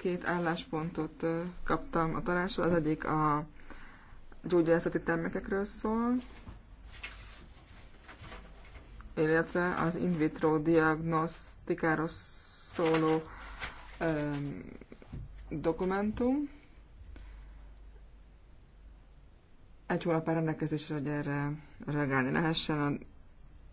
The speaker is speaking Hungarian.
Két álláspontot kaptam a tanácsról, az egyik a gyógyászati termékekről szól, illetve az in vitro diagnosztikáról szóló um, dokumentum. Egy hónap rendelkezésre, hogy erre reagálni lehessen. A